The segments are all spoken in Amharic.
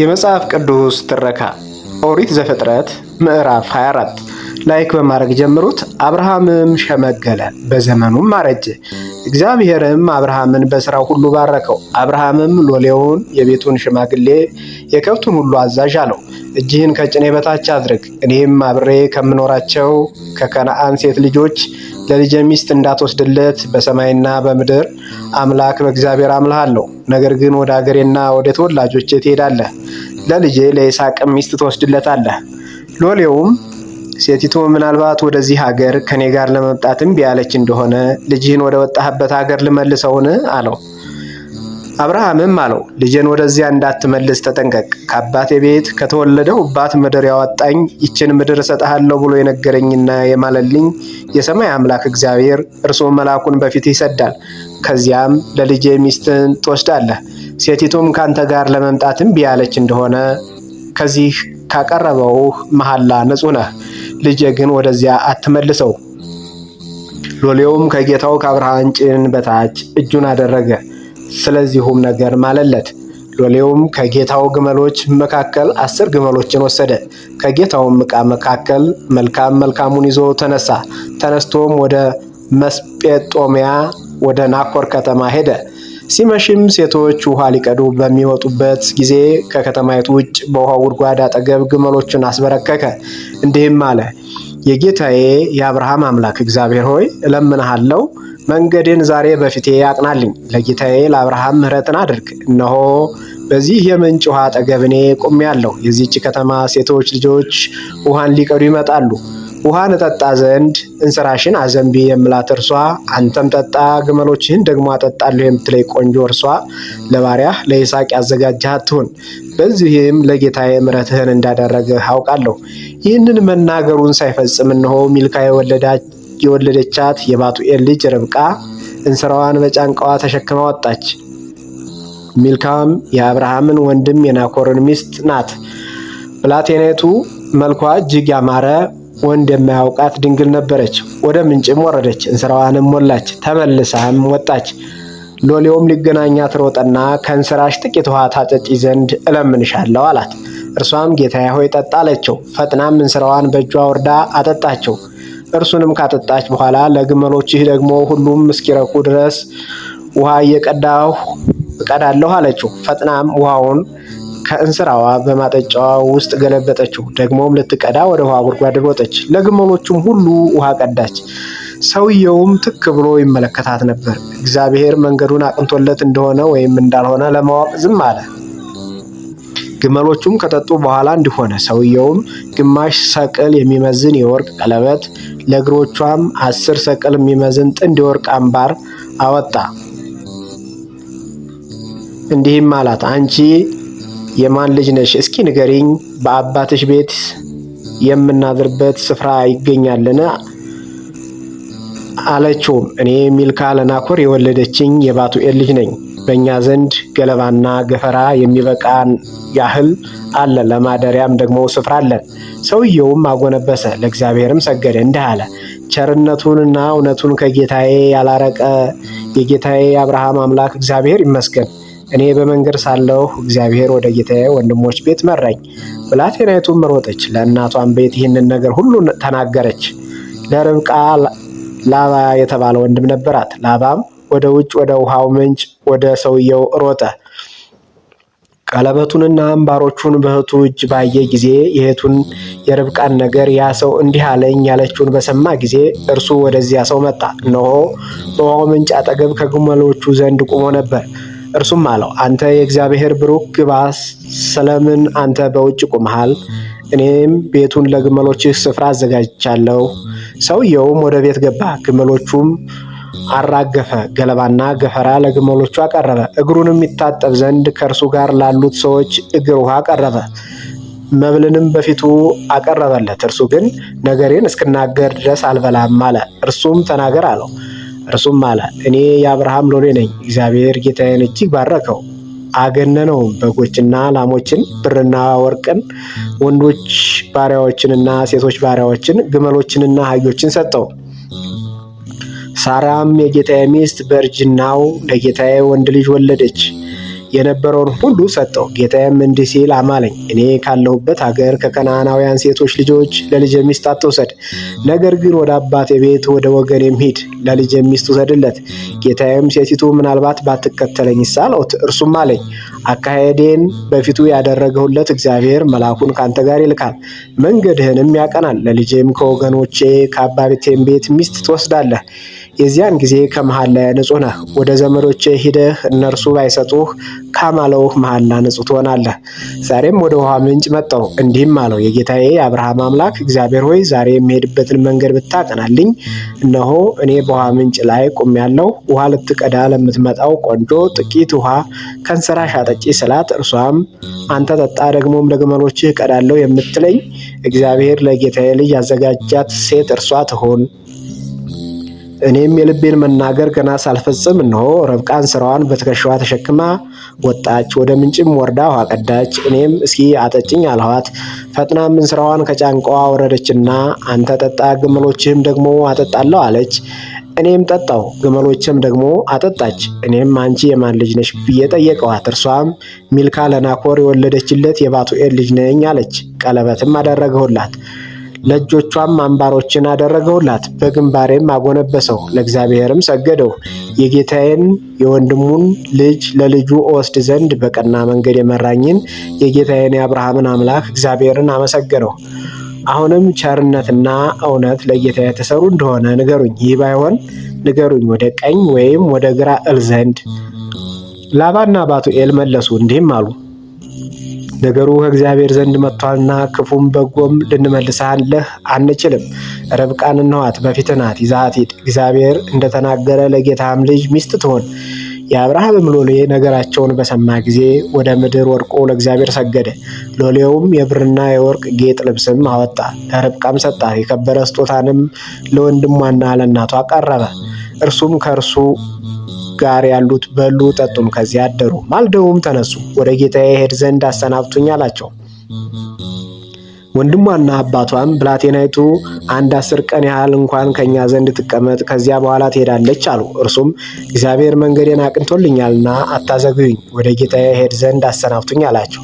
የመጽሐፍ ቅዱስ ትረካ ኦሪት ዘፍጥረት ምዕራፍ 24 ላይክ በማድረግ ጀምሩት። አብርሃምም ሸመገለ፣ በዘመኑም አረጀ። እግዚአብሔርም አብርሃምን በስራው ሁሉ ባረከው። አብርሃምም ሎሌውን፣ የቤቱን ሽማግሌ፣ የከብቱን ሁሉ አዛዥ አለው፣ እጅህን ከጭኔ በታች አድርግ፣ እኔም አብሬ ከምኖራቸው ከከነአን ሴት ልጆች ለልጄ ሚስት እንዳትወስድለት በሰማይና በምድር አምላክ በእግዚአብሔር አምልሃለሁ። ነገር ግን ወደ አገሬና ወደ ተወላጆቼ ትሄዳለህ፣ ለልጄ ለይስሐቅም ሚስት ትወስድለታለህ። ሎሌውም ሴቲቱ ምናልባት ወደዚህ ሀገር ከኔ ጋር ለመምጣት እምቢ ያለች እንደሆነ ልጅህን ወደ ወጣህበት ሀገር ልመልሰውን አለው። አብርሃምም አለው ልጄን ወደዚያ እንዳትመልስ ተጠንቀቅ። ከአባቴ ቤት ከተወለደሁባት ምድር ያወጣኝ ይችን ምድር እሰጥሃለሁ ብሎ የነገረኝና የማለልኝ የሰማይ አምላክ እግዚአብሔር እርሱ መልአኩን በፊት ይሰዳል። ከዚያም ለልጄ ሚስትን ትወስዳለህ። ሴቲቱም ካንተ ጋር ለመምጣት እምቢ ያለች እንደሆነ ከዚህ ካቀረበው መሐላ ንጹህ ነህ፣ ልጄ ግን ወደዚያ አትመልሰው። ሎሌውም ከጌታው ከአብርሃን ጭን በታች እጁን አደረገ፣ ስለዚሁም ነገር ማለለት። ሎሌውም ከጌታው ግመሎች መካከል አስር ግመሎችን ወሰደ። ከጌታውም ዕቃ መካከል መልካም መልካሙን ይዞ ተነሳ። ተነስቶም ወደ መስጴጦሚያ ወደ ናኮር ከተማ ሄደ። ሲመሽም ሴቶች ውሃ ሊቀዱ በሚወጡበት ጊዜ ከከተማይቱ ውጭ በውሃው ጉድጓድ አጠገብ ግመሎቹን አስበረከከ፣ እንዲህም አለ የጌታዬ የአብርሃም አምላክ እግዚአብሔር ሆይ እለምንሃለው መንገድን ዛሬ በፊቴ አቅናልኝ፣ ለጌታዬ ለአብርሃም ምሕረትን አድርግ። እነሆ በዚህ የምንጭ ውሃ አጠገብ እኔ ቆሜአለሁ። የዚች ከተማ ሴቶች ልጆች ውሃን ሊቀዱ ይመጣሉ። ውሃን ንጠጣ ዘንድ እንስራሽን አዘንቢ የምላት እርሷ፣ አንተም ጠጣ ግመሎችህን ደግሞ አጠጣለሁ የምትለይ ቆንጆ እርሷ ለባሪያህ ለይስሐቅ ያዘጋጀህ ትሁን። በዚህም ለጌታዬ ምሕረትህን እንዳደረገ አውቃለሁ። ይህንን መናገሩን ሳይፈጽም እነሆ ሚልካ የወለደቻት የባቱኤል ልጅ ርብቃ እንስራዋን በጫንቃዋ ተሸክማ ወጣች። ሚልካም የአብርሃምን ወንድም የናኮርን ሚስት ናት። ብላቴናይቱ መልኳ እጅግ ያማረ ወንድ የማያውቃት ድንግል ነበረች። ወደ ምንጭም ወረደች፣ እንስራዋንም ሞላች፣ ተመልሳም ወጣች። ሎሌውም ሊገናኛት ሮጠና ከእንስራሽ ጥቂት ውሃ ታጠጪ ዘንድ እለምንሻለሁ አላት። እርሷም ጌታዬ ሆይ ጠጣ አለችው። ፈጥናም እንስራዋን በእጇ ወርዳ አጠጣቸው። እርሱንም ካጠጣች በኋላ ለግመሎችህ ደግሞ ሁሉም እስኪረኩ ድረስ ውሃ እየቀዳሁ እቀዳለሁ አለችው። ፈጥናም ውሃውን ከእንስራዋ በማጠጫዋ ውስጥ ገለበጠችው። ደግሞም ልትቀዳ ወደ ውሃ ጉድጓድ ሮጠች፣ ለግመሎቹም ሁሉ ውሃ ቀዳች። ሰውየውም ትክ ብሎ ይመለከታት ነበር። እግዚአብሔር መንገዱን አቅንቶለት እንደሆነ ወይም እንዳልሆነ ለማወቅ ዝም አለ። ግመሎቹም ከጠጡ በኋላ እንዲሆነ ሰውየውም ግማሽ ሰቅል የሚመዝን የወርቅ ቀለበት ለእግሮቿም አስር ሰቅል የሚመዝን ጥንድ የወርቅ አምባር አወጣ። እንዲህም አላት አንቺ የማን ልጅ ነሽ? እስኪ ንገሪኝ። በአባትሽ ቤት የምናድርበት ስፍራ ይገኛልን? አለችውም እኔ ሚልካ ለናኮር የወለደችኝ የባቱኤል ልጅ ነኝ። በእኛ ዘንድ ገለባና ገፈራ የሚበቃን ያህል አለ፣ ለማደሪያም ደግሞ ስፍራ አለን። ሰውየውም አጎነበሰ፣ ለእግዚአብሔርም ሰገደ፣ እንዲህ አለ ቸርነቱንና እውነቱን ከጌታዬ ያላረቀ የጌታዬ የአብርሃም አምላክ እግዚአብሔር ይመስገን እኔ በመንገድ ሳለሁ እግዚአብሔር ወደ ጌታዬ ወንድሞች ቤት መራኝ። ብላቴናይቱም ሮጠች፣ ለእናቷም ቤት ይህንን ነገር ሁሉ ተናገረች። ለርብቃ ላባ የተባለ ወንድም ነበራት። ላባም ወደ ውጭ ወደ ውሃው ምንጭ ወደ ሰውየው ሮጠ። ቀለበቱንና አምባሮቹን በእህቱ እጅ ባየ ጊዜ የእህቱን የርብቃን ነገር ያ ሰው እንዲህ አለኝ ያለችውን በሰማ ጊዜ እርሱ ወደዚያ ሰው መጣ። እነሆ በውሃው ምንጭ አጠገብ ከግመሎቹ ዘንድ ቁሞ ነበር። እርሱም አለው አንተ የእግዚአብሔር ብሩክ ግባ፣ ስለምን አንተ በውጭ ቆመሃል? እኔም ቤቱን ለግመሎችህ ስፍራ አዘጋጅቻለሁ። ሰውየውም ወደ ቤት ገባ። ግመሎቹም አራገፈ፣ ገለባና ገፈራ ለግመሎቹ አቀረበ። እግሩንም ይታጠብ ዘንድ ከእርሱ ጋር ላሉት ሰዎች እግር ውሃ አቀረበ። መብልንም በፊቱ አቀረበለት። እርሱ ግን ነገሬን እስክናገር ድረስ አልበላም አለ። እርሱም ተናገር አለው። እርሱም አለ እኔ የአብርሃም ሎሌ ነኝ። እግዚአብሔር ጌታዬን እጅግ ባረከው አገነነው። በጎችና ላሞችን፣ ብርና ወርቅን፣ ወንዶች ባሪያዎችንና ሴቶች ባሪያዎችን፣ ግመሎችንና አህዮችን ሰጠው። ሳራም የጌታዬ ሚስት በእርጅናው ለጌታዬ ወንድ ልጅ ወለደች። የነበረውን ሁሉ ሰጠው። ጌታዬም እንዲህ ሲል አማለኝ፣ እኔ ካለሁበት ሀገር ከከነዓናውያን ሴቶች ልጆች ለልጅ ሚስት አትውሰድ፣ ነገር ግን ወደ አባቴ ቤት ወደ ወገኔም ሂድ፣ ለልጅ ሚስት ውሰድለት። ጌታዬም ሴቲቱ ምናልባት ባትከተለኝ ሳለውት፣ እርሱም አለኝ አካሄዴን በፊቱ ያደረገሁለት እግዚአብሔር መልአኩን ካንተ ጋር ይልካል፣ መንገድህንም ያቀናል። ለልጄም ከወገኖቼ ከአባቴም ቤት ሚስት ትወስዳለህ። የዚያን ጊዜ ከመሃል ላይ ንጹህ ነህ። ወደ ዘመዶቼ ሂደህ እነርሱ ባይሰጡህ ካማለው መሐላ ንጹሕ ትሆናለህ። ዛሬም ወደ ውሃ ምንጭ መጣው፣ እንዲህም አለው የጌታዬ የአብርሃም አምላክ እግዚአብሔር ሆይ ዛሬ የሚሄድበትን መንገድ ብታቀናልኝ፣ እነሆ እኔ በውሃ ምንጭ ላይ ቆሜያለሁ። ውሃ ልትቀዳ ለምትመጣው ቆንጆ ጥቂት ውሃ ከእንስራሽ አጠጪ ስላት፣ እርሷም አንተ ጠጣ፣ ደግሞም ለግመሎችህ እቀዳለሁ የምትለኝ እግዚአብሔር ለጌታዬ ልጅ ያዘጋጃት ሴት እርሷ ትሆን እኔም የልቤን መናገር ገና ሳልፈጽም እነሆ ርብቃን ስራዋን በትከሻዋ ተሸክማ ወጣች። ወደ ምንጭም ወርዳ ውሃ ቀዳች። እኔም እስኪ አጠጭኝ አልኋት። ፈጥና ምን ስራዋን ከጫንቃዋ ወረደችና አንተ ጠጣ፣ ግመሎችህም ደግሞ አጠጣለሁ አለች። እኔም ጠጣው፣ ግመሎችም ደግሞ አጠጣች። እኔም አንቺ የማን ልጅ ነሽ ብዬ ጠየቀዋት። እርሷም ሚልካ ለናኮር የወለደችለት የባቱኤል ልጅ ነኝ አለች። ቀለበትም አደረገሁላት። ለእጆቿም አምባሮችን አደረገውላት፣ በግንባሬም አጎነበሰው፣ ለእግዚአብሔርም ሰገደው። የጌታዬን የወንድሙን ልጅ ለልጁ እወስድ ዘንድ በቀና መንገድ የመራኝን የጌታዬን የአብርሃምን አምላክ እግዚአብሔርን አመሰገነው። አሁንም ቸርነትና እውነት ለጌታ የተሰሩ እንደሆነ ንገሩኝ። ይህ ባይሆን ንገሩኝ፣ ወደ ቀኝ ወይም ወደ ግራ እል ዘንድ። ላባና ባቱኤል መለሱ እንዲህም አሉ ነገሩ ከእግዚአብሔር ዘንድ መጥቷልና ክፉም በጎም ልንመልሳለህ አንችልም። ርብቃን እንኋት በፊትህ ናት፣ ሂድ። እግዚአብሔር እንደተናገረ ለጌታም ልጅ ሚስት ትሆን። የአብርሃምም ሎሌ ነገራቸውን በሰማ ጊዜ ወደ ምድር ወድቆ ለእግዚአብሔር ሰገደ። ሎሌውም የብርና የወርቅ ጌጥ ልብስም አወጣ፣ ለርብቃም ሰጣት። የከበረ ስጦታንም ለወንድሟና ለእናቷ አቀረበ። እርሱም ከእርሱ ጋር ያሉት በሉ ጠጡም፣ ከዚያ አደሩ። ማልደውም ተነሱ፣ ወደ ጌታዬ ሄድ ዘንድ አሰናብቱኝ አላቸው። ወንድሟና አባቷም ብላቴናይቱ አንድ አስር ቀን ያህል እንኳን ከእኛ ዘንድ ትቀመጥ፣ ከዚያ በኋላ ትሄዳለች አሉ። እርሱም እግዚአብሔር መንገዴን አቅንቶልኛልና አታዘግዩኝ፣ ወደ ጌታዬ ሄድ ዘንድ አሰናብቱኝ አላቸው።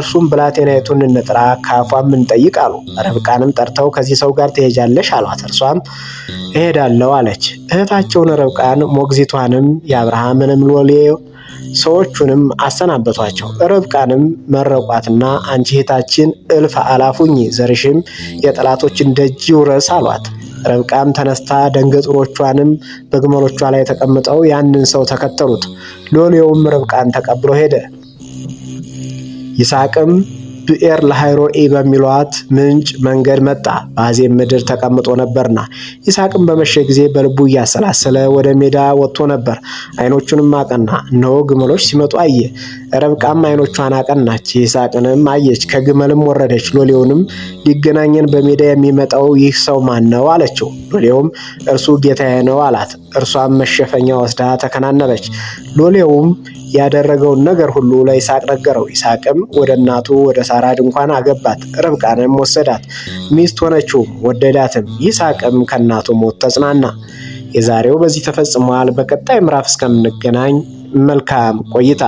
እርሱም ብላቴናይቱን እንጥራ ከአፏም እንጠይቅ አሉ። ርብቃንም ጠርተው ከዚህ ሰው ጋር ትሄጃለሽ አሏት። እርሷም እሄዳለሁ አለች። እህታቸውን ርብቃን ሞግዚቷንም የአብርሃምንም ሎሌ ሰዎቹንም አሰናበቷቸው። ርብቃንም መረቋትና አንቺ እህታችን እልፍ አላፉኝ ዘርሽም የጠላቶችን ደጅ ውረስ አሏት። ርብቃም ተነስታ ደንገጥሮቿንም በግመሎቿ ላይ ተቀምጠው ያንን ሰው ተከተሉት። ሎሌውም ርብቃን ተቀብሎ ሄደ። ይስሐቅም ብኤር ለሃይሮኢ በሚሏት ምንጭ መንገድ መጣ። በአዜብ ምድር ተቀምጦ ነበርና ይስሐቅም በመሸ ጊዜ በልቡ እያሰላሰለ ወደ ሜዳ ወጥቶ ነበር። አይኖቹንም አቀና፣ እነሆ ግመሎች ሲመጡ አየ። ረብቃም አይኖቿን አቀናች፣ ይስሐቅንም አየች። ከግመልም ወረደች። ሎሌውንም ሊገናኘን በሜዳ የሚመጣው ይህ ሰው ማን ነው? አለችው። ሎሌውም እርሱ ጌታዬ ነው አላት። እርሷን መሸፈኛ ወስዳ ተከናነበች። ሎሌውም ያደረገውን ነገር ሁሉ ለይስሐቅ ነገረው። ይስሐቅም ወደ እናቱ ወደ ሳራ ድንኳን አገባት፣ ርብቃንም ወሰዳት፣ ሚስት ሆነችውም፣ ወደዳትም። ይስሐቅም ከእናቱ ሞት ተጽናና። የዛሬው በዚህ ተፈጽሟል። በቀጣይ ምዕራፍ እስከምንገናኝ መልካም ቆይታ